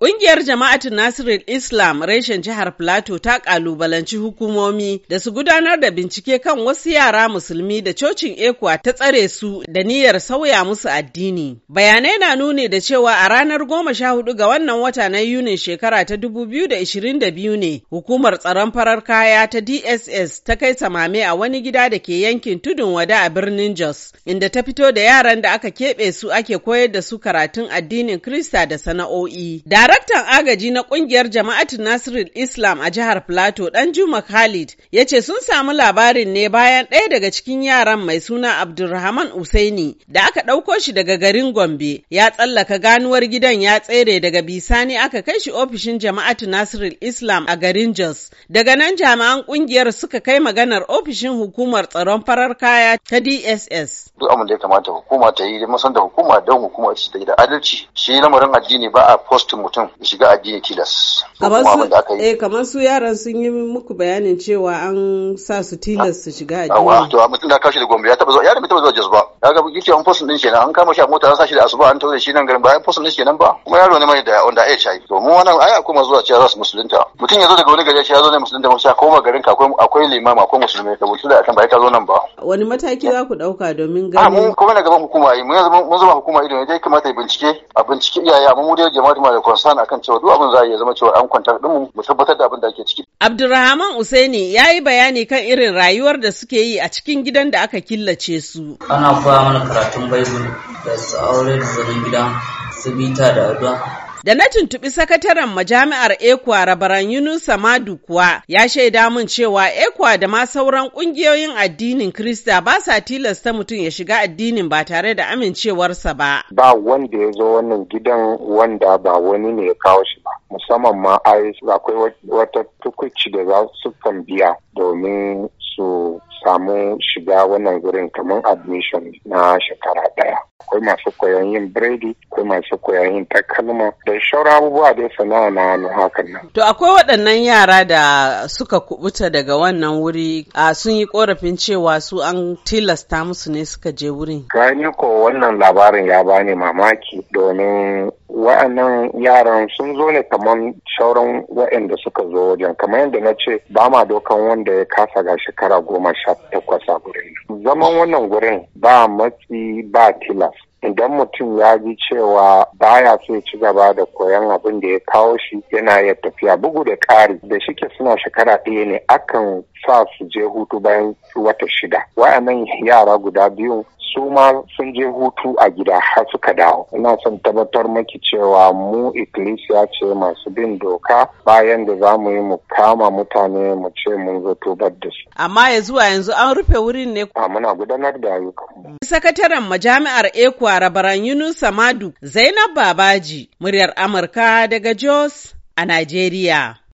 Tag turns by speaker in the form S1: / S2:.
S1: Ƙungiyar jama'atin Nasirul Islam reshen jihar Plateau ta ƙalubalanci hukumomi da su gudanar da bincike kan wasu yara musulmi da cocin ekuwa ta tsare su da niyyar sauya musu addini. Bayanai na nuni da cewa a ranar goma sha hudu ga wannan wata na Yunin shekara ta dubu biyu da ishirin da biyu ne hukumar tsaron farar kaya ta DSS ta kai samame a wani gida da ke yankin tudun wada a birnin Jos inda ta fito da yaran da aka keɓe su ake koyar da su karatun addinin Krista da sana'o'i. Daraktan agaji na kungiyar Jama'atu Nasirul Islam a jihar Plateau dan Juma Khalid ya ce sun samu labarin ne bayan ɗaya daga cikin yaran mai suna Abdulrahman Usaini da aka ɗauko shi daga garin Gombe ya tsallaka ganuwar gidan ya tsere daga bisani aka kai shi ofishin Jama'atu Nasirul Islam a garin Jos. Daga nan jami'an kungiyar suka kai maganar ofishin hukumar tsaron farar kaya ta DSS.
S2: Duk abin da ya kamata hukuma ta yi, mun da hukuma don hukuma ce da adalci. Shi lamarin addini ba a post mutum son shiga addini tilas. Eh,
S1: kamar su yaran sun yi muku bayanin cewa an sa su tilas su shiga addini. Awa
S2: to a mutum na kashi da gombe ya taba zuwa yaran bai taba zuwa jazba kaga bugici an fosin din kenan an kama shi a mota an sashi da asuba an tauye shi nan garin bayan fosin din kenan ba kuma yaro ne mai da wanda ai shi to mu wannan ai akwai mazuwa cewa za su musulunta mutum ya zo daga wani gari ya zo ne musulunta mu sai koma garin ka akwai limama akwai musulmai ka mutu da akan bai ka zo nan ba
S1: wani mataki za ku dauka domin ganin mun kuma
S2: na gaban hukuma yi mun zama hukuma idan ya kamata ya bincike a bincike iyaye amma mu dai jama'a da concern akan cewa duk abin za a iya zama cewa an kwantar din mu tabbatar da abin da ake ciki
S1: Abdurrahman Usaini ya yi bayani kan irin rayuwar da suke yi a cikin gidan da aka killace su. Ana koya mana karatun Baibul da su aure da su da addu'a Da na tuntubi sakataren majami'ar Ekwa Rabaran Yunus Samadu kuwa ya shaida mun cewa Ekwa da ma sauran ƙungiyoyin addinin Krista ba sa tilasta mutum ya shiga addinin ba tare da amincewarsa ba.
S3: Ba wanda ya zo wannan gidan wanda ba wani ne ya kawo shi ba. Musamman ma akwai wata tukuci da za su kan biya domin su samu shiga wannan gurin kamar admission na shekara ɗaya. akwai masu koyon yin biredi akwai masu koyon yin takalma da shauran abubuwa ya sana'a na hannu hakan nan.
S1: To akwai waɗannan yara da suka kubuta daga wannan wuri a sun yi korafin cewa su an tilasta musu ne suka je wurin.
S3: Gani ko wannan labarin ya bani mamaki domin wa'annan yaran sun zo ne kamar sauran wa'anda suka zo wajen kamar yadda na ce ba ma dokan wanda ya kasa ga shekara goma sha takwas a gurin. Zaman wannan gurin ba matsi ba tila idan mutum ya ji cewa baya so ya ci gaba da koyon abin da ya kawo shi yana iya tafiya bugu da ƙari da shike suna shekara ɗaya ne akan sa su je hutu bayan wata shida wa'annan yara guda biyu su ma sun je hutu a gida har suka dawo ina son tabbatar maki cewa mu ikkilisiya ce masu bin doka bayan da za mu yi mu kama mutane mu ce mun zo tubar da su
S1: amma ya zuwa yanzu an rufe wurin ne a muna
S3: gudanar da ayyukan
S1: sakataren majami'ar ekwa rabaran yunus samadu zainab babaji muryar amurka daga jos a najeriya